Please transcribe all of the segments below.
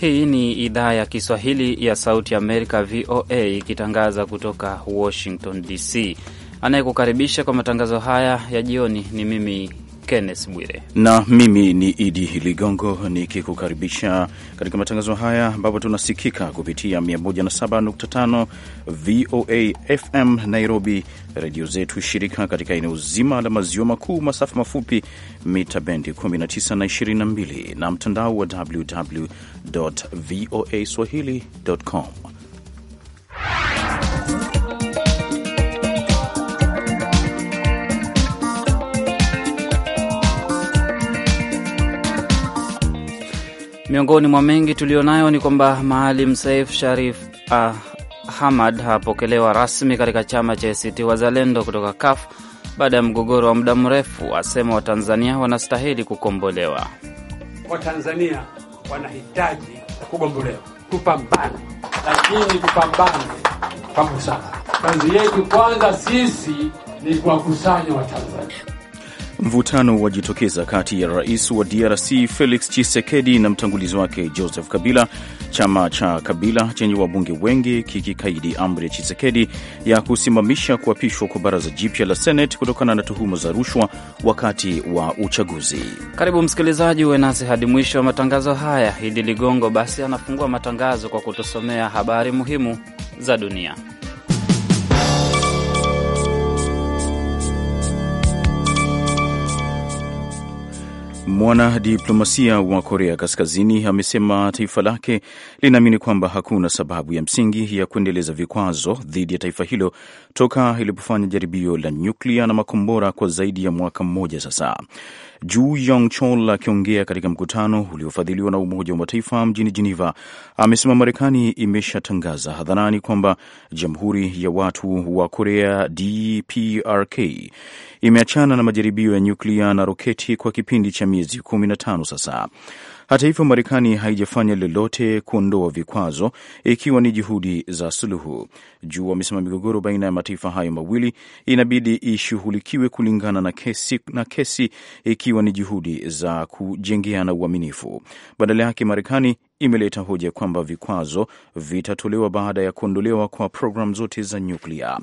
Hii ni idhaa ya Kiswahili ya Sauti Amerika, VOA, ikitangaza kutoka Washington DC. Anayekukaribisha kwa matangazo haya ya jioni ni mimi Kenneth Bwire na mimi ni Idi Ligongo nikikukaribisha katika matangazo haya ambapo tunasikika kupitia 107.5 VOA FM Nairobi, redio zetu shirika katika eneo zima la maziwa makuu, masafa mafupi mita bendi 19 na 22 na mtandao wa www voa swahili.com. Miongoni mwa mengi tuliyonayo ni kwamba Maalim Saif Sharif Ahmad hapokelewa rasmi katika chama cha ACT Wazalendo kutoka KAF baada ya mgogoro wa muda mrefu, asema Watanzania wanastahili kukombolewa. Watanzania wanahitaji kugombolewa, tupambane, lakini tupambane kwa busara. Kazi yetu kwanza sisi ni kuwakusanya Watanzania Mvutano wajitokeza kati ya rais wa DRC Felix Tshisekedi na mtangulizi wake Joseph Kabila, chama cha Kabila chenye wabunge wengi kikikaidi amri ya Tshisekedi ya kusimamisha kuapishwa kwa baraza jipya la Senate kutokana na tuhuma za rushwa wakati wa uchaguzi. Karibu msikilizaji, uwe nasi hadi mwisho wa matangazo haya. Idi Ligongo basi anafungua matangazo kwa kutusomea habari muhimu za dunia. Mwanadiplomasia wa Korea Kaskazini amesema taifa lake linaamini kwamba hakuna sababu ya msingi ya kuendeleza vikwazo dhidi ya taifa hilo toka ilipofanya jaribio la nyuklia na makombora kwa zaidi ya mwaka mmoja sasa. Juu Yong Chol akiongea katika mkutano uliofadhiliwa na Umoja wa Mataifa mjini Geneva, amesema Marekani imeshatangaza hadharani kwamba Jamhuri ya Watu wa Korea DPRK imeachana na majaribio ya nyuklia na roketi kwa kipindi cha miezi 15 sasa. Hata hivyo, Marekani haijafanya lolote kuondoa vikwazo, ikiwa ni juhudi za suluhu juu wamesema migogoro baina ya mataifa hayo mawili inabidi ishughulikiwe kulingana na kesi, na kesi ikiwa ni juhudi za kujengeana uaminifu. Badala yake Marekani imeleta hoja kwamba vikwazo vitatolewa baada ya kuondolewa kwa programu zote za nyuklia.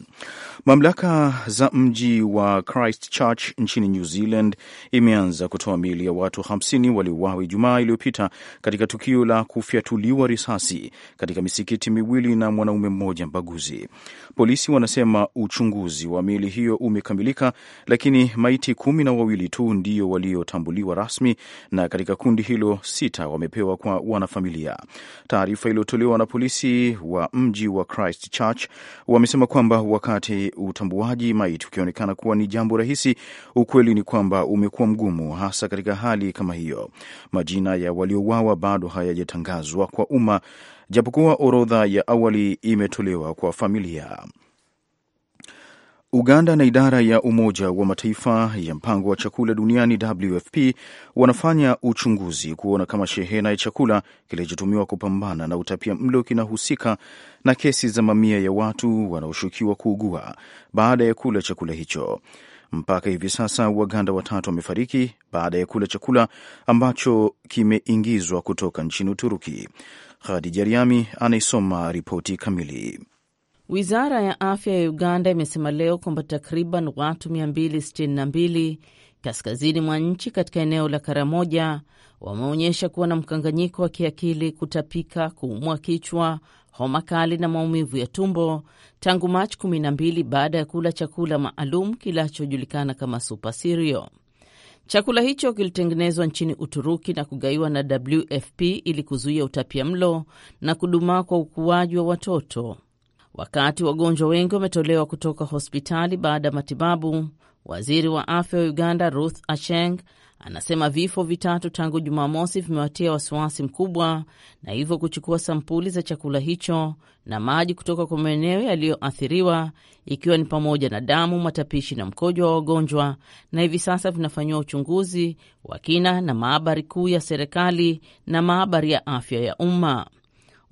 Mamlaka za mji wa Christchurch nchini New Zealand imeanza kutoa miili ya watu 50 waliouawa Ijumaa iliyopita katika tukio la kufyatuliwa risasi katika misikiti miwili na mwanaume mmoja mbaguzi uchunguzi. Polisi wanasema uchunguzi wa miili hiyo umekamilika, lakini maiti kumi na wawili tu ndio waliotambuliwa rasmi, na katika kundi hilo sita wamepewa kwa wanafamilia. Taarifa iliyotolewa na polisi wa mji wa Christchurch wamesema kwamba wakati utambuaji maiti ukionekana kuwa ni jambo rahisi, ukweli ni kwamba umekuwa mgumu, hasa katika hali kama hiyo. Majina ya waliouawa bado hayajatangazwa kwa umma japokuwa orodha ya awali imetolewa kwa familia. Uganda na idara ya Umoja wa Mataifa ya mpango wa chakula duniani WFP wanafanya uchunguzi kuona kama shehena ya chakula kilichotumiwa kupambana na utapia mlo kinahusika na kesi za mamia ya watu wanaoshukiwa kuugua baada ya kula chakula hicho. Mpaka hivi sasa Waganda watatu wamefariki baada ya kula chakula ambacho kimeingizwa kutoka nchini Uturuki. Khadija Riami anaisoma ripoti kamili. Wizara ya afya ya Uganda imesema leo kwamba takriban watu 262 kaskazini mwa nchi katika eneo la Karamoja wameonyesha kuwa na mkanganyiko wa kiakili, kutapika, kuumwa kichwa, homa kali na maumivu ya tumbo tangu Machi 12 baada ya kula chakula maalum kinachojulikana kama super cereal. Chakula hicho kilitengenezwa nchini Uturuki na kugaiwa na WFP ili kuzuia utapia mlo na kudumaa kwa ukuaji wa watoto. Wakati wagonjwa wengi wametolewa kutoka hospitali baada ya matibabu, waziri wa afya wa Uganda Ruth Acheng anasema vifo vitatu tangu Jumamosi vimewatia wasiwasi mkubwa na hivyo kuchukua sampuli za chakula hicho na maji kutoka kwa maeneo yaliyoathiriwa ikiwa ni pamoja na damu, matapishi na mkojo wa wagonjwa, na hivi sasa vinafanyiwa uchunguzi wa kina na maabari kuu ya serikali na maabari ya afya ya umma.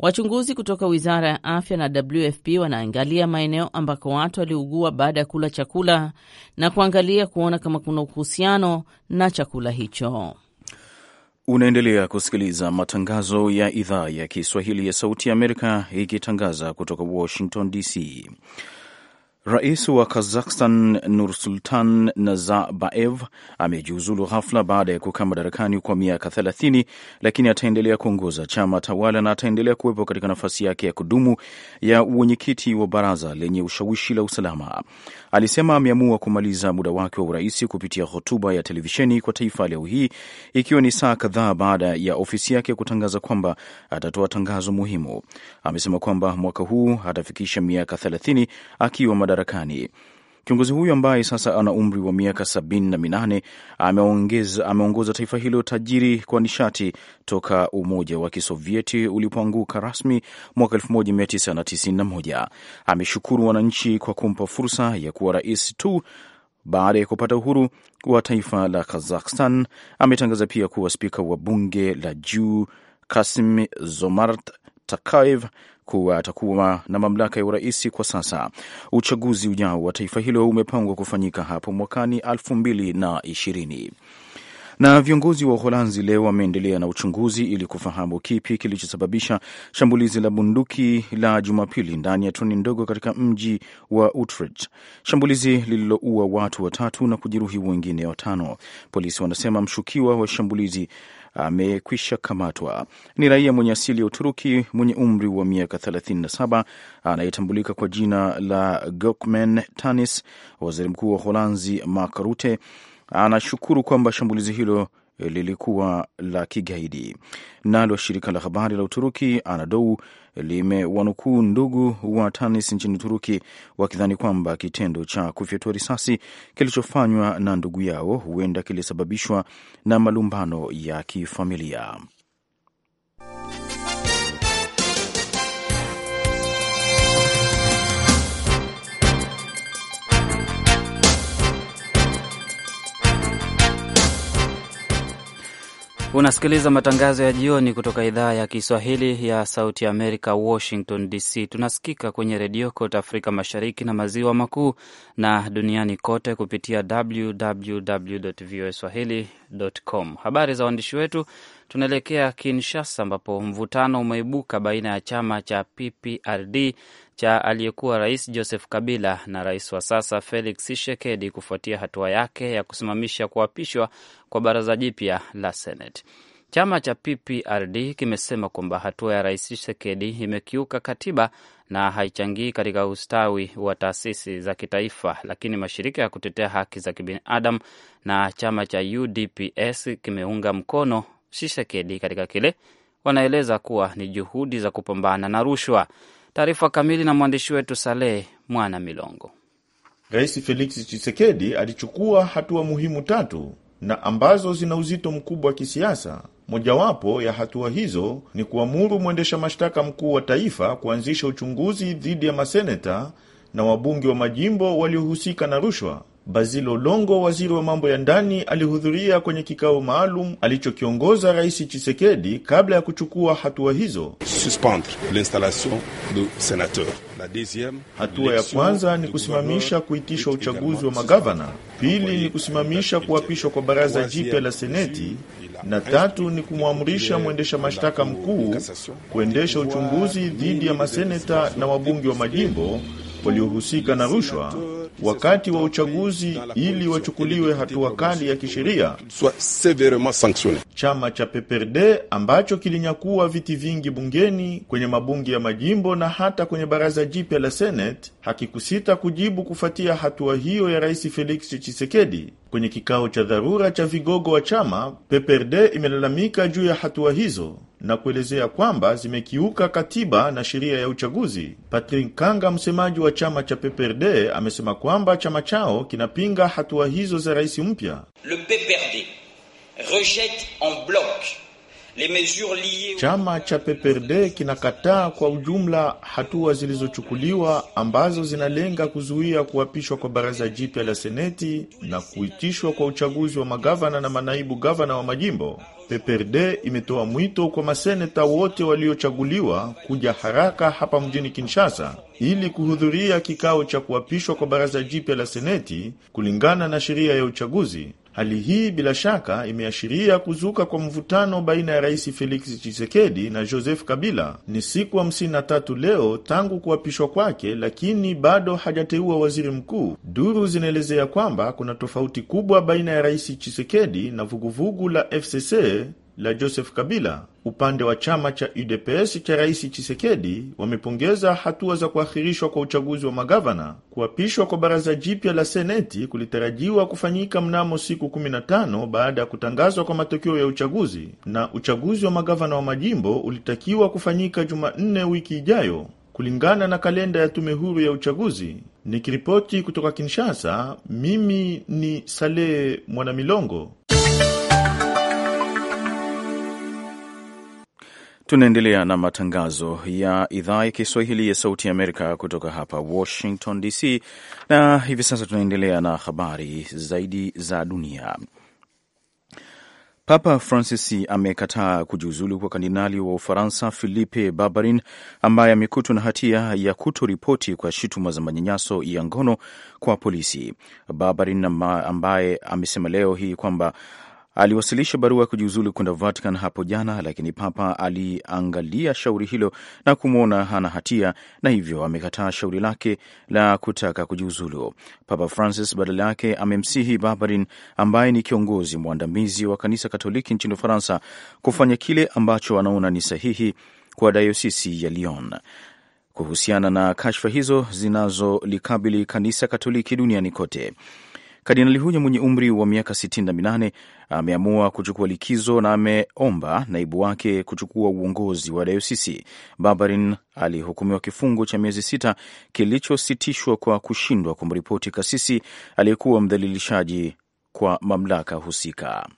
Wachunguzi kutoka wizara ya afya na WFP wanaangalia maeneo ambako watu waliugua baada ya kula chakula na kuangalia kuona kama kuna uhusiano na chakula hicho. Unaendelea kusikiliza matangazo ya idhaa ya Kiswahili ya Sauti ya Amerika ikitangaza kutoka Washington DC. Rais wa Kazakhstan Nursultan Nazarbayev amejiuzulu ghafla baada ya kukaa madarakani kwa miaka 30, lakini ataendelea kuongoza chama tawala na ataendelea kuwepo katika nafasi yake ya kudumu ya uwenyekiti wa baraza lenye ushawishi la usalama. Alisema ameamua kumaliza muda wake wa urais kupitia hotuba ya televisheni kwa taifa leo hii, ikiwa ni saa kadhaa baada ya ofisi yake kutangaza kwamba atatoa tangazo muhimu. Amesema kwamba mwaka huu atafikisha miaka 30 akiwa madarakani. Kiongozi huyo ambaye sasa ana umri wa miaka sabini na minane ameongoza taifa hilo tajiri kwa nishati toka Umoja wa Kisovieti ulipoanguka rasmi mwaka moja. Ameshukuru wananchi kwa kumpa fursa ya kuwa rais tu baada ya kupata uhuru wa taifa la Kazakhstan. Ametangaza pia kuwa spika wa bunge la juu Kasim Zomart Takaev kuwa atakuwa na mamlaka ya urais kwa sasa. Uchaguzi ujao wa taifa hilo umepangwa kufanyika hapo mwakani elfu mbili na ishirini na viongozi wa Uholanzi leo wameendelea na uchunguzi ili kufahamu kipi kilichosababisha shambulizi la bunduki la Jumapili ndani ya treni ndogo katika mji wa Utrecht, shambulizi lililoua watu watatu na kujeruhi wengine watano. Polisi wanasema mshukiwa wa shambulizi amekwisha kamatwa. Ni raia mwenye asili ya Uturuki mwenye umri wa miaka 37 anayetambulika kwa jina la Gokmen Tanis. Waziri Mkuu wa Holanzi Mark Rutte anashukuru kwamba shambulizi hilo lilikuwa la kigaidi. Nalo shirika la habari la Uturuki Anadolu limewanukuu ndugu wa Tanis nchini Uturuki wakidhani kwamba kitendo cha kufyatua risasi kilichofanywa na ndugu yao huenda kilisababishwa na malumbano ya kifamilia. Unasikiliza matangazo ya jioni kutoka idhaa ya Kiswahili ya Sauti ya Amerika, Washington DC. Tunasikika kwenye redio kote Afrika Mashariki na Maziwa Makuu na duniani kote kupitia www voa swahili com. Habari za waandishi wetu tunaelekea Kinshasa ambapo mvutano umeibuka baina ya chama cha PPRD cha aliyekuwa rais Joseph Kabila na rais wa sasa Felix Tshisekedi kufuatia hatua yake ya kusimamisha kuapishwa kwa baraza jipya la Seneti. Chama cha PPRD kimesema kwamba hatua ya rais Tshisekedi imekiuka katiba na haichangii katika ustawi wa taasisi za kitaifa, lakini mashirika ya kutetea haki za kibinadamu na chama cha UDPS kimeunga mkono chisekedi katika kile wanaeleza kuwa ni juhudi za kupambana na rushwa. Taarifa kamili na mwandishi wetu Saleh Mwana Milongo. Rais Felix chisekedi alichukua hatua muhimu tatu na ambazo zina uzito mkubwa wa kisiasa. Mojawapo ya hatua hizo ni kuamuru mwendesha mashtaka mkuu wa taifa kuanzisha uchunguzi dhidi ya maseneta na wabunge wa majimbo waliohusika na rushwa. Bazil Olongo, waziri wa mambo ya ndani, alihudhuria kwenye kikao maalum alichokiongoza Rais Chisekedi kabla ya kuchukua hatua hizo. Hatua ya kwanza ni kusimamisha kuitishwa uchaguzi wa magavana, pili ni kusimamisha kuapishwa kwa baraza jipya la seneti, na tatu ni kumwamrisha mwendesha mashtaka mkuu kuendesha uchunguzi dhidi ya maseneta na wabunge wa majimbo waliohusika na rushwa wakati wa uchaguzi ili wachukuliwe hatua kali ya kisheria. Chama cha PPRD ambacho kilinyakuwa viti vingi bungeni, kwenye mabunge ya majimbo na hata kwenye baraza jipya la Senate hakikusita kujibu kufuatia hatua hiyo ya Rais Felix Tshisekedi. Kwenye kikao cha dharura cha vigogo wa chama, PPRD imelalamika juu ya hatua hizo na kuelezea kwamba zimekiuka katiba na sheria ya uchaguzi. Patrick Kanga, msemaji wa chama cha PPRD, amesema kwamba chama chao kinapinga hatua hizo za rais mpya. Le PPRD rejette en bloc Chama cha PPRD kinakataa kwa ujumla hatua zilizochukuliwa ambazo zinalenga kuzuia kuapishwa kwa baraza jipya la seneti na kuitishwa kwa uchaguzi wa magavana na manaibu gavana wa majimbo. PPRD imetoa mwito kwa maseneta wote waliochaguliwa kuja haraka hapa mjini Kinshasa ili kuhudhuria kikao cha kuapishwa kwa baraza jipya la seneti kulingana na sheria ya uchaguzi. Hali hii bila shaka imeashiria kuzuka kwa mvutano baina ya Rais Felix Tshisekedi na Joseph Kabila. Ni siku 53 leo tangu kuapishwa kwake, lakini bado hajateua waziri mkuu. Duru zinaelezea kwamba kuna tofauti kubwa baina ya Rais Tshisekedi na vuguvugu la FCC la Joseph Kabila upande wa chama cha UDPS cha Rais Chisekedi wamepongeza hatua za kuahirishwa kwa uchaguzi wa magavana. Kuapishwa kwa baraza jipya la seneti kulitarajiwa kufanyika mnamo siku 15 baada ya kutangazwa kwa matokeo ya uchaguzi, na uchaguzi wa magavana wa majimbo ulitakiwa kufanyika Jumanne wiki ijayo kulingana na kalenda ya tume huru ya uchaguzi. Nikiripoti kutoka Kinshasa, mimi ni Saleh Mwanamilongo. Tunaendelea na matangazo ya idhaa ya Kiswahili ya Sauti ya Amerika kutoka hapa Washington DC, na hivi sasa tunaendelea na habari zaidi za dunia. Papa Francis amekataa kujiuzulu kwa kardinali wa Ufaransa Philippe Barbarin ambaye amekutwa na hatia ya kutoripoti kwa shutuma za manyanyaso ya ngono kwa polisi. Barbarin ambaye amesema leo hii kwamba aliwasilisha barua ya kujiuzulu kwenda Vatican hapo jana, lakini Papa aliangalia shauri hilo na kumwona hana hatia na hivyo amekataa shauri lake la kutaka kujiuzulu. Papa Francis badala yake amemsihi Barbarin ambaye ni kiongozi mwandamizi wa kanisa Katoliki nchini Ufaransa kufanya kile ambacho anaona ni sahihi kwa dayosisi ya Lyon kuhusiana na kashfa hizo zinazolikabili kanisa Katoliki duniani kote. Kardinali huyo mwenye umri wa miaka 68 ameamua kuchukua likizo na ameomba naibu wake kuchukua uongozi wa dayosisi. Barbarin alihukumiwa kifungo cha miezi sita kilichositishwa kwa kushindwa kumripoti kasisi aliyekuwa mdhalilishaji kwa mamlaka husika.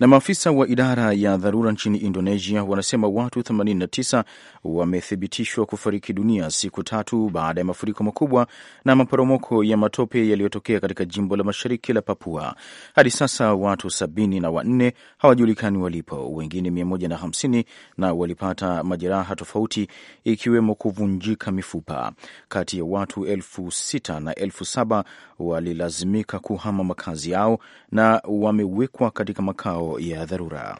Na maafisa wa idara ya dharura nchini Indonesia wanasema watu 89 wamethibitishwa kufariki dunia siku tatu baada ya mafuriko makubwa na maporomoko ya matope yaliyotokea katika jimbo la mashariki la Papua. Hadi sasa watu sabini na wanne hawajulikani walipo, wengine 150 na walipata majeraha tofauti ikiwemo kuvunjika mifupa. Kati ya watu elfu sita na elfu saba walilazimika kuhama makazi yao na wamewekwa katika makao ya dharura.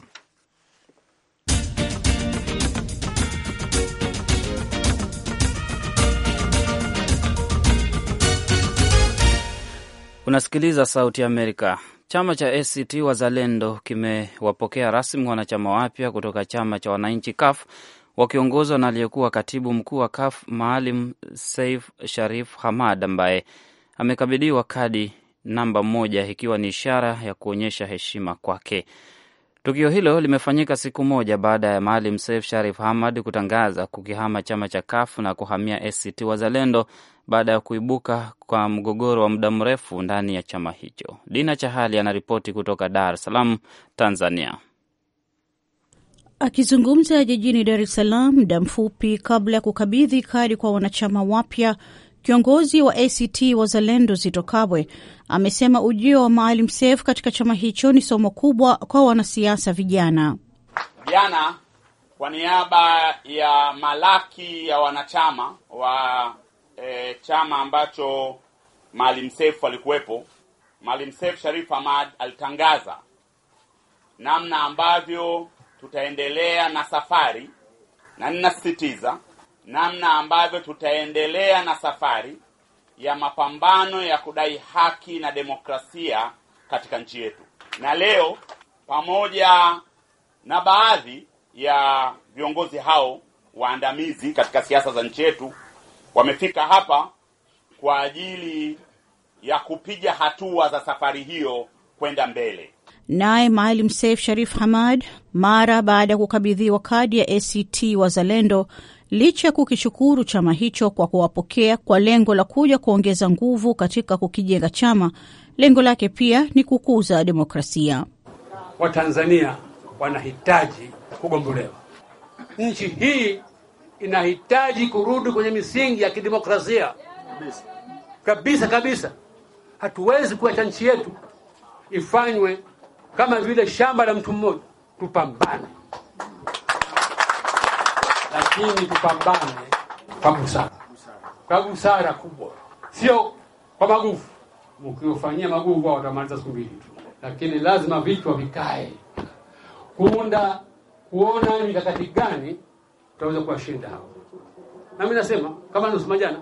Unasikiliza Sauti ya Amerika. Chama cha ACT Wazalendo kimewapokea rasmi wanachama wapya kutoka chama cha wananchi CUF wakiongozwa na aliyekuwa katibu mkuu wa CUF Maalim Seif Sharif Hamad ambaye amekabidhiwa kadi namba moja ikiwa ni ishara ya kuonyesha heshima kwake. Tukio hilo limefanyika siku moja baada ya Maalim Seif Sharif Hamad kutangaza kukihama chama cha Kafu na kuhamia ACT Wazalendo baada ya kuibuka kwa mgogoro wa muda mrefu ndani ya chama hicho. Dina Chahali anaripoti kutoka Dar es Salaam, Tanzania. Akizungumza jijini Dar es Salaam muda mfupi kabla ya kukabidhi kadi kwa wanachama wapya Kiongozi wa ACT Wazalendo Zito Kabwe amesema ujio wa Maalim Seif katika chama hicho ni somo kubwa kwa wanasiasa vijana. Vijana, kwa niaba ya malaki ya wanachama wa e, chama ambacho Maalim Seif alikuwepo, Maalim Seif Sharif Hamad alitangaza namna ambavyo tutaendelea na safari, na ninasisitiza namna ambavyo tutaendelea na safari ya mapambano ya kudai haki na demokrasia katika nchi yetu. Na leo pamoja na baadhi ya viongozi hao waandamizi katika siasa za nchi yetu wamefika hapa kwa ajili ya kupiga hatua za safari hiyo kwenda mbele. Naye Maalim Seif Sharif Hamad mara baada ya kukabidhiwa kadi ya ACT Wazalendo licha ya kukishukuru chama hicho kwa kuwapokea kwa lengo la kuja kuongeza nguvu katika kukijenga chama, lengo lake pia ni kukuza demokrasia. Watanzania wanahitaji kugombolewa. Nchi hii inahitaji kurudi kwenye misingi ya kidemokrasia kabisa kabisa. Hatuwezi kuacha nchi yetu ifanywe kama vile shamba la mtu mmoja. Tupambane ili tupambane eh? kwa busara, kwa busara kubwa, sio kwa maguvu. Ukiofanyia maguvu wao watamaliza siku mbili tu, lakini lazima vichwa vikae kuunda, kuona ni mikakati gani tutaweza kuwashinda hao. Na mimi nasema kama nilivyosema jana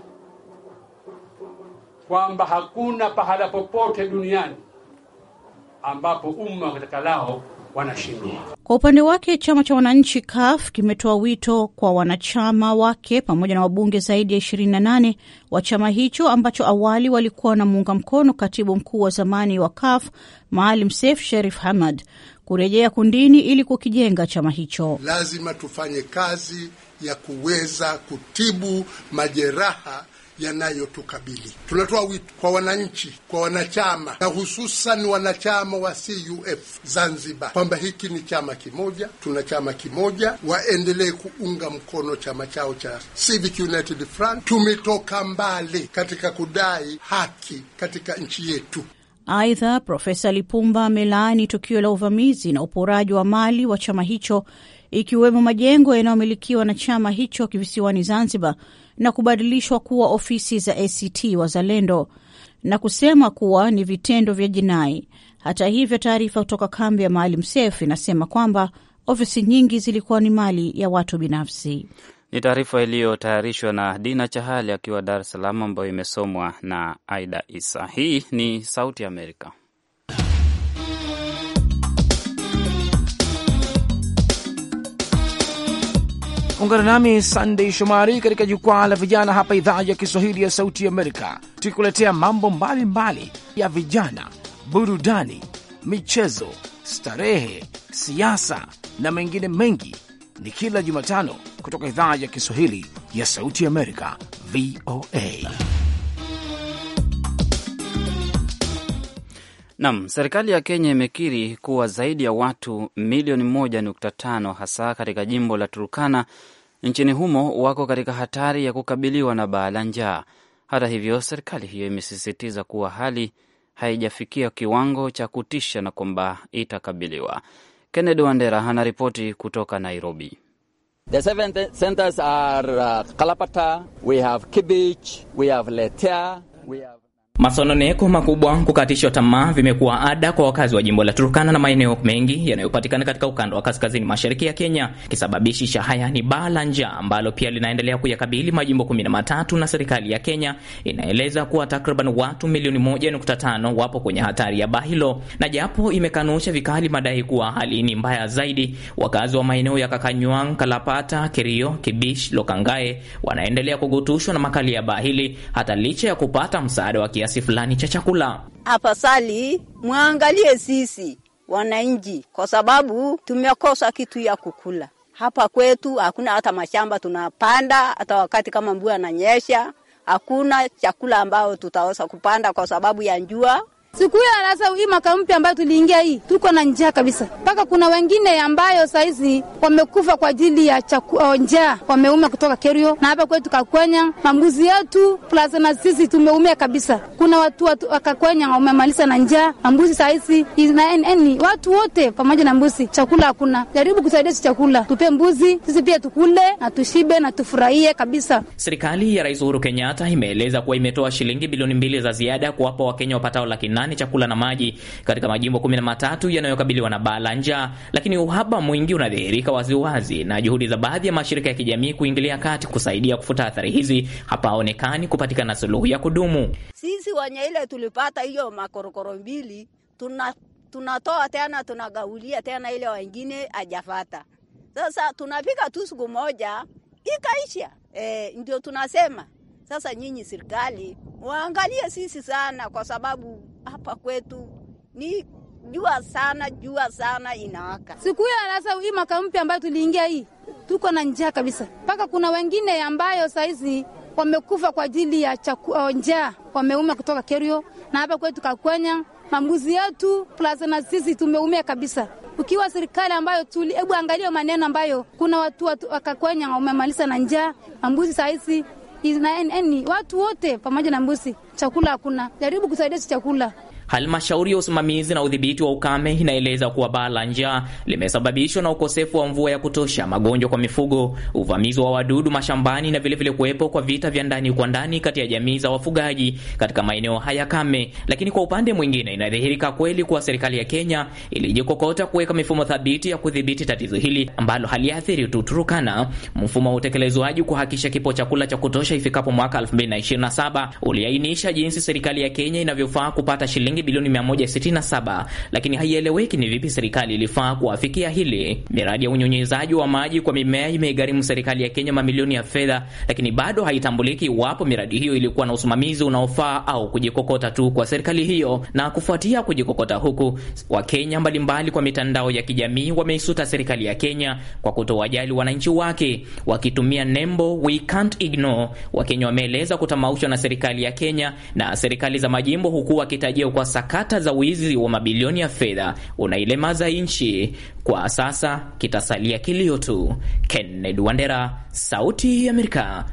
kwamba hakuna pahala popote duniani ambapo umma wataka lao wanashindwa. Kwa upande wake, chama cha wananchi CUF kimetoa wito kwa wanachama wake pamoja na wabunge zaidi ya 28 wa chama hicho ambacho awali walikuwa wanamuunga mkono katibu mkuu wa zamani wa CUF Maalim Seif Sharif Hamad kurejea kundini ili kukijenga chama hicho. Lazima tufanye kazi ya kuweza kutibu majeraha yanayotukabili. Tunatoa wito kwa wananchi, kwa wanachama na hususan wanachama wa CUF Zanzibar kwamba hiki ni chama kimoja, tuna chama kimoja, waendelee kuunga mkono chama chao cha Civic United Front. Tumetoka mbali katika kudai haki katika nchi yetu. Aidha, Profesa Lipumba amelaani tukio la uvamizi na uporaji wa mali wa chama hicho ikiwemo majengo yanayomilikiwa na chama hicho kivisiwani Zanzibar na kubadilishwa kuwa ofisi za ACT Wazalendo na kusema kuwa ni vitendo vya jinai. Hata hivyo, taarifa kutoka kambi ya Maalim Seif inasema kwamba ofisi nyingi zilikuwa ni mali ya watu binafsi. Ni taarifa iliyotayarishwa na Dina Chahali akiwa Dar es Salaam, ambayo imesomwa na Aida Isa. Hii ni Sauti ya Amerika. Ungana nami Sandey Shomari katika jukwaa la vijana hapa idhaa ya Kiswahili ya Sauti Amerika, tukikuletea mambo mbalimbali mbali ya vijana, burudani, michezo, starehe, siasa na mengine mengi. Ni kila Jumatano kutoka idhaa ya Kiswahili ya Sauti Amerika, VOA. Nam, serikali ya Kenya imekiri kuwa zaidi ya watu milioni moja nukta tano hasa katika jimbo la turukana nchini humo wako katika hatari ya kukabiliwa na baa la njaa. Hata hivyo, serikali hiyo imesisitiza kuwa hali haijafikia kiwango cha kutisha na kwamba itakabiliwa. Kennedy Wandera anaripoti kutoka Nairobi. The seven centers are uh, Kalapata, we have Kibich, we have Letea, we have... Masononeko makubwa, kukatishwa tamaa vimekuwa ada kwa wakazi wa jimbo la Turkana na maeneo mengi yanayopatikana katika ukanda wa kaskazini mashariki ya Kenya. Kisababishi cha haya ni baa la njaa ambalo pia linaendelea kuyakabili majimbo 13 na serikali ya Kenya inaeleza kuwa takriban watu milioni moja nukta tano wapo kwenye hatari ya baa hilo, na japo imekanusha vikali madai kuwa hali ni mbaya zaidi, wakazi wa maeneo ya Kakanywang, Kalapata, Kerio, Kibish, Lokangae wanaendelea kugutushwa na makali ya baa hili hata licha ya kupata msaada wa kia kiasi fulani cha chakula. Afasali mwangalie sisi wananchi, kwa sababu tumekosa kitu ya kukula hapa kwetu. Hakuna hata mashamba tunapanda, hata wakati kama mvua ananyesha, hakuna chakula ambayo tutaweza kupanda kwa sababu ya njua. Siku hiyo sasa, hii mwaka mpya ambayo tuliingia hii, tuko na njaa kabisa, mpaka kuna wengine ambayo saizi wamekufa kwa ajili ya oh, njaa, wameumia kutoka Kerio na hapa kwetu Kakwenya, mambuzi yetu plus na sisi tumeumia kabisa. Kuna watu wakakwenya wamemaliza na njaa, mambuzi saizi ni watu wote pamoja na mbuzi, chakula hakuna. Jaribu kusaidia si chakula, tupe mbuzi sisi pia tukule na tushibe na tufurahie kabisa. Serikali ya Rais Uhuru Kenyatta imeeleza kuwa imetoa shilingi bilioni mbili za ziada kuwapa Wakenya wapatao laki nane chakula na maji katika majimbo kumi na matatu yanayokabiliwa na baa la njaa, lakini uhaba mwingi unadhihirika waziwazi na juhudi za baadhi ya mashirika ya kijamii kuingilia kati kusaidia kufuta athari hizi hapaonekani kupatikana suluhu ya kudumu. Sisi wenye ile tulipata hiyo makorokoro mbili tuna tunatoa tena tunagaulia tena ile wengine ajafata. Sasa tunapika tu siku moja ikaisha. E, ndio tunasema sasa nyinyi serikali waangalie sisi sana, kwa sababu hapa kwetu ni jua sana, jua sana inawaka. Siku hiyo sasa, hii mwaka mpya ambayo tuliingia hii, tuko na njaa kabisa, mpaka kuna wengine ambayo saizi wamekufa kwa ajili ya uh, njaa, wameumia kutoka Kerio na hapa kwetu Kakwenya, mambuzi yetu plus na sisi tumeumia kabisa. Ukiwa serikali ambayo tuli, hebu angalia maneno ambayo kuna watu, watu wakakwenya wamemaliza na njaa, mambuzi saizi na watu wote pamoja na mbuzi. Chakula hakuna, jaribu kusaidia chakula Halmashauri ya usimamizi na udhibiti wa ukame inaeleza kuwa baa la njaa limesababishwa na ukosefu wa mvua ya kutosha, magonjwa kwa mifugo, uvamizi wa wadudu mashambani na vilevile kuwepo kwa vita vya ndani kwa ndani kati ya jamii za wafugaji katika maeneo haya kame. Lakini kwa upande mwingine, inadhihirika kweli kuwa serikali ya Kenya ilijikokota kuweka mifumo thabiti ya kudhibiti tatizo hili ambalo haliathiri tu Turkana. Mfumo wa utekelezwaji kuhakikisha kipo chakula cha kutosha ifikapo mwaka 2027 uliainisha jinsi serikali ya Kenya inavyofaa kupata shilingi shilingi bilioni 167, lakini haieleweki ni vipi serikali ilifaa kuafikia hili. Miradi ya unyunyizaji wa maji kwa mimea imeigharimu serikali ya Kenya mamilioni ya fedha, lakini bado haitambuliki iwapo miradi hiyo ilikuwa na usimamizi unaofaa au kujikokota tu kwa serikali hiyo. Na kufuatia kujikokota huku, Wakenya mbalimbali kwa mitandao ya kijamii wameisuta serikali ya Kenya kwa kutowajali wananchi wake, wakitumia nembo we can't ignore. Wakenya wameeleza kutamaushwa na serikali ya Kenya na serikali za majimbo, huku wakitajia kwa sakata za wizi wa mabilioni ya fedha unailemaza nchi, kwa sasa kitasalia kilio tu. Kennedy Wandera, Sauti ya Amerika,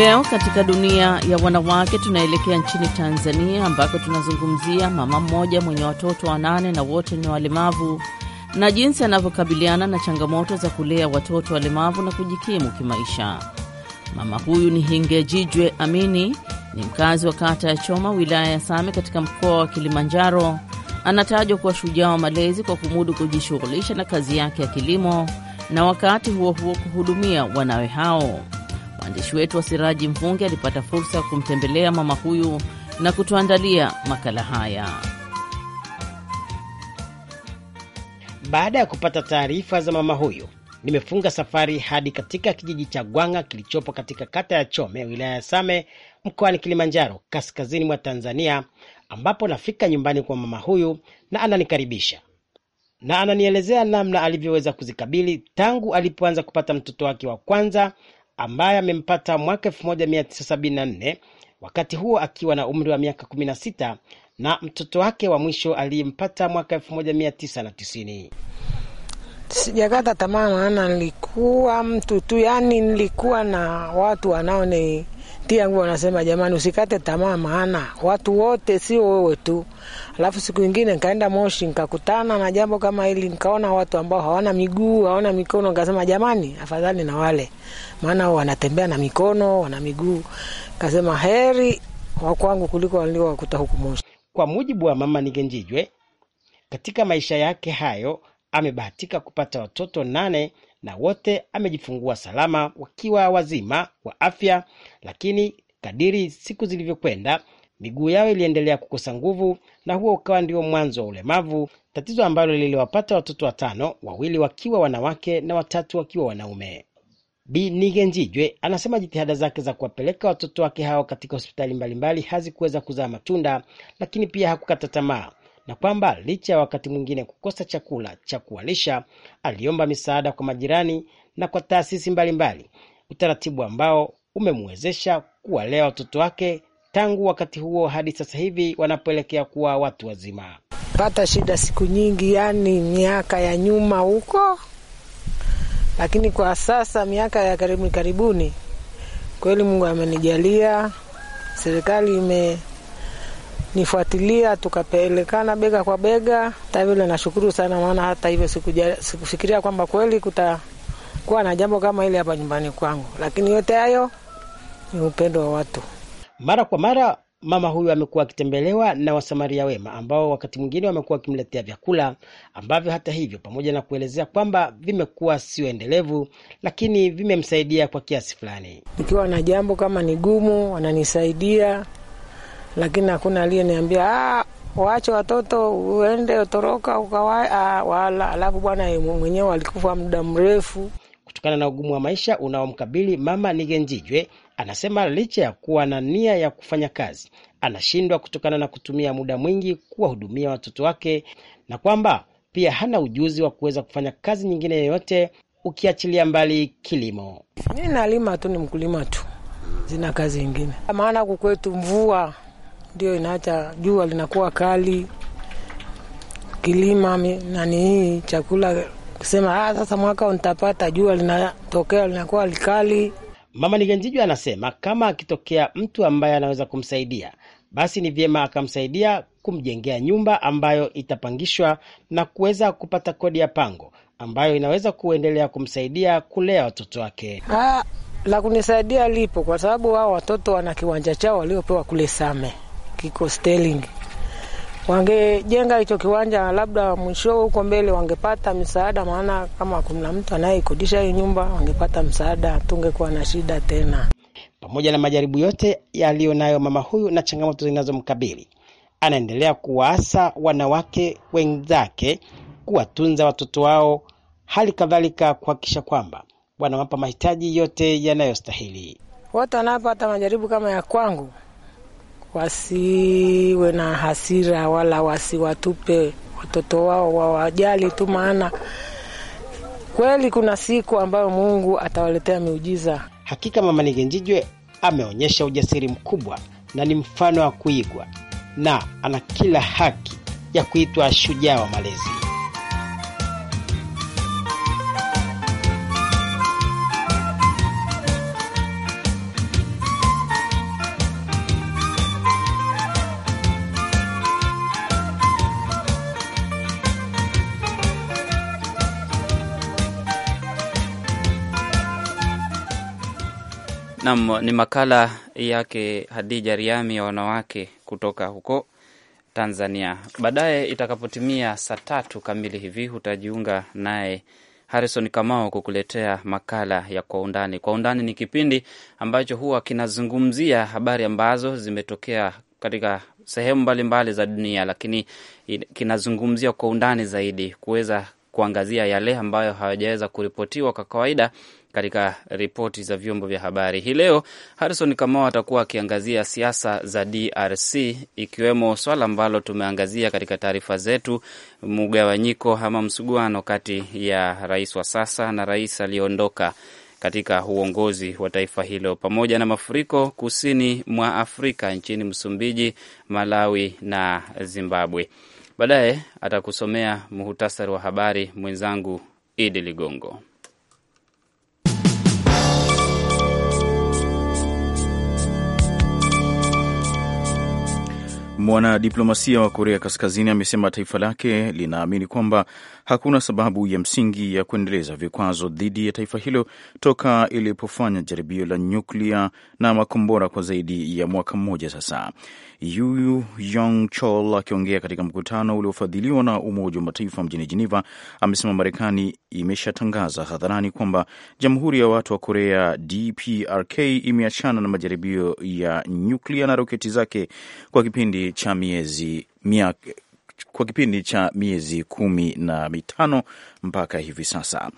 Leo katika dunia ya wanawake tunaelekea nchini Tanzania ambako tunazungumzia mama mmoja mwenye watoto wanane na wote ni walemavu na jinsi anavyokabiliana na changamoto za kulea watoto walemavu na kujikimu kimaisha. Mama huyu ni Hingejijwe Amini, ni mkazi wa kata ya Choma, wilaya ya Same, katika mkoa wa Kilimanjaro. Anatajwa kuwa shujaa wa malezi kwa kumudu kujishughulisha na kazi yake ya kilimo na wakati huo huo kuhudumia wanawe hao. Mwandishi wetu wa Siraji Mvungi alipata fursa ya kumtembelea mama huyu na kutuandalia makala haya. Baada ya kupata taarifa za mama huyu, nimefunga safari hadi katika kijiji cha Gwanga kilichopo katika kata ya Chome, wilaya ya Same, mkoani Kilimanjaro, kaskazini mwa Tanzania, ambapo nafika nyumbani kwa mama huyu na ananikaribisha na ananielezea namna alivyoweza kuzikabili tangu alipoanza kupata mtoto wake wa kwanza ambaye amempata mwaka 1974 wakati huo akiwa na umri wa miaka 16 na mtoto wake wa mwisho aliyempata mwaka 1990. Sijakata tamaa, maana nilikuwa mtu tu, yani nilikuwa na watu wanaoni wanatia nguo, wanasema jamani, usikate tamaa, maana watu wote sio wewe tu. Alafu siku ingine nikaenda Moshi nikakutana na jambo kama hili, nikaona watu ambao hawana miguu hawana mikono, nikasema jamani, afadhali na wale, maana wanatembea na mikono wana miguu. Kasema heri wakwangu kuliko walio wakuta huku Moshi. Kwa mujibu wa mama Nigenjijwe, katika maisha yake hayo amebahatika kupata watoto nane na wote amejifungua salama wakiwa wazima wa afya, lakini kadiri siku zilivyokwenda miguu yao iliendelea kukosa nguvu na huo ukawa ndio mwanzo wa ulemavu, tatizo ambalo liliwapata watoto watano, wawili wakiwa wanawake na watatu wakiwa wanaume. Bi Nigenjijwe anasema jitihada zake za kuwapeleka watoto wake hao katika hospitali mbalimbali hazikuweza kuzaa matunda, lakini pia hakukata tamaa na kwamba licha ya wakati mwingine kukosa chakula cha kuwalisha, aliomba misaada kwa majirani na kwa taasisi mbalimbali utaratibu ambao umemwezesha kuwalea watoto wake tangu wakati huo hadi sasa hivi wanapoelekea kuwa watu wazima. Pata shida siku nyingi, yani miaka ya nyuma huko, lakini kwa sasa miaka ya karibuni karibuni, kweli Mungu amenijalia, serikali ime nifuatilia tukapelekana bega kwa bega. Hata vile nashukuru sana, maana hata hivyo sikufikiria kwamba kweli kutakuwa na jambo kama hili hapa nyumbani kwangu, lakini yote hayo ni upendo wa watu. Mara kwa mara mama huyu amekuwa akitembelewa na wasamaria wema ambao wakati mwingine wamekuwa wakimletea vyakula ambavyo hata hivyo, pamoja na kuelezea kwamba vimekuwa sio endelevu, lakini vimemsaidia kwa kiasi fulani. Nikiwa na jambo kama ni gumu, wananisaidia lakini hakuna aliyeniambia ah, waache watoto uende utoroka ukawa ah, wala. Alafu bwana mwenyewe alikufa muda mrefu kutokana na ugumu wa maisha unaomkabili. Mama Nigenjijwe anasema licha ya kuwa na nia ya kufanya kazi anashindwa kutokana na kutumia muda mwingi kuwahudumia watoto wake, na kwamba pia hana ujuzi wa kuweza kufanya kazi nyingine yoyote ukiachilia mbali kilimo. Mi nalima tu, ni mkulima tu, zina kazi ingine, maana kukwetu mvua ndio inaacha jua linakuwa kali, kilima nani hii chakula kusema ah, sasa mwaka nitapata, jua linatokea linakuwa likali. Mama Nigenjijwa anasema kama akitokea mtu ambaye anaweza kumsaidia basi ni vyema akamsaidia kumjengea nyumba ambayo itapangishwa na kuweza kupata kodi ya pango ambayo inaweza kuendelea kumsaidia kulea watoto wake. Ah, la kunisaidia lipo kwa sababu hao watoto wana kiwanja chao waliopewa kule Same kiko Sterling. Wangejenga hicho kiwanja labda mwisho huko mbele wangepata msaada, maana kama kuna mtu anayekodisha hiyo nyumba wangepata msaada, tungekuwa na shida tena. Pamoja na majaribu yote yaliyonayo mama huyu na changamoto zinazomkabili, anaendelea kuwaasa wanawake wenzake kuwatunza watoto wao, hali kadhalika kuhakikisha kwamba wanawapa mahitaji yote yanayostahili. Wote wanapata majaribu kama ya kwangu wasiwe na hasira wala wasiwatupe watoto wao, wawajali tu, maana kweli kuna siku ambayo Mungu atawaletea miujiza. Hakika Mama nigenjijwe ameonyesha ujasiri mkubwa na ni mfano wa kuigwa na ana kila haki ya kuitwa shujaa wa malezi. Nam ni makala yake Hadija Riami ya wanawake kutoka huko Tanzania. Baadaye itakapotimia saa tatu kamili hivi utajiunga naye Harrison Kamao kukuletea makala ya Kwa Undani. Kwa Undani ni kipindi ambacho huwa kinazungumzia habari ambazo zimetokea katika sehemu mbalimbali za dunia, lakini kinazungumzia kwa undani zaidi kuweza kuangazia yale ambayo hawajaweza kuripotiwa kwa kawaida katika ripoti za vyombo vya habari hii leo. Harrison Kamau atakuwa akiangazia siasa za DRC, ikiwemo swala ambalo tumeangazia katika taarifa zetu, mgawanyiko ama msuguano kati ya rais wa sasa na rais aliyeondoka katika uongozi wa taifa hilo, pamoja na mafuriko kusini mwa Afrika, nchini Msumbiji, Malawi na Zimbabwe. Baadaye atakusomea muhutasari wa habari mwenzangu Idi Ligongo. Mwanadiplomasia wa Korea Kaskazini amesema taifa lake linaamini kwamba hakuna sababu ya msingi ya kuendeleza vikwazo dhidi ya taifa hilo toka ilipofanya jaribio la nyuklia na makombora kwa zaidi ya mwaka mmoja sasa. Yu Yong Chol akiongea katika mkutano uliofadhiliwa na Umoja wa Mataifa mjini jeneva amesema Marekani imeshatangaza hadharani kwamba Jamhuri ya Watu wa Korea DPRK imeachana na majaribio ya nyuklia na roketi zake kwa kipindi cha miezi miaka kwa kipindi cha miezi kumi na mitano mpaka hivi sasa.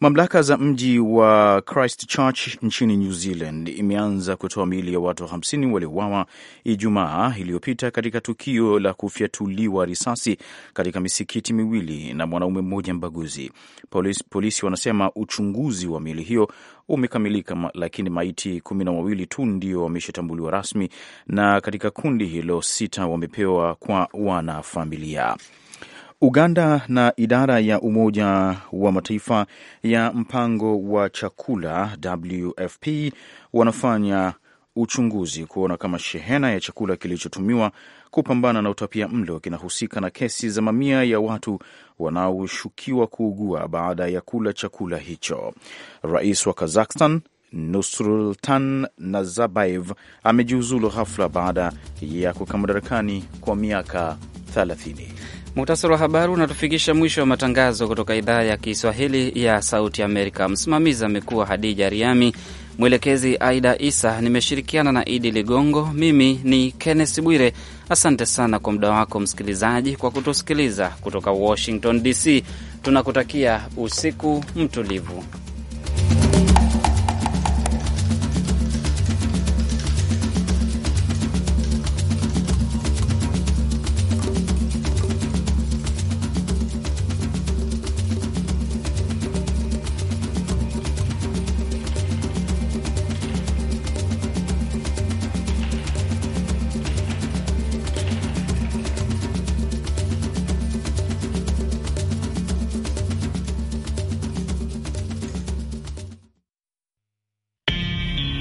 Mamlaka za mji wa Christchurch nchini New Zealand imeanza kutoa miili ya watu 50 waliouawa Ijumaa iliyopita katika tukio la kufyatuliwa risasi katika misikiti miwili na mwanaume mmoja mbaguzi. Polisi, polisi wanasema uchunguzi wa miili hiyo umekamilika, lakini maiti kumi na wawili tu ndio wameshatambuliwa rasmi, na katika kundi hilo sita wamepewa kwa wanafamilia. Uganda na idara ya Umoja wa Mataifa ya mpango wa chakula WFP wanafanya uchunguzi kuona kama shehena ya chakula kilichotumiwa kupambana na utapia mlo kinahusika na kesi za mamia ya watu wanaoshukiwa kuugua baada ya kula chakula hicho. Rais wa Kazakhstan Nursultan Nazarbayev amejiuzulu ghafla baada ya kukaa madarakani kwa miaka 30. Muhtasari wa habari unatufikisha mwisho wa matangazo kutoka idhaa ya Kiswahili ya Sauti Amerika. Msimamizi amekuwa Hadija Riami mwelekezi Aida Isa, nimeshirikiana na Idi Ligongo. Mimi ni Kenneth Bwire. Asante sana kwa muda wako msikilizaji, kwa kutusikiliza kutoka Washington DC. Tunakutakia usiku mtulivu.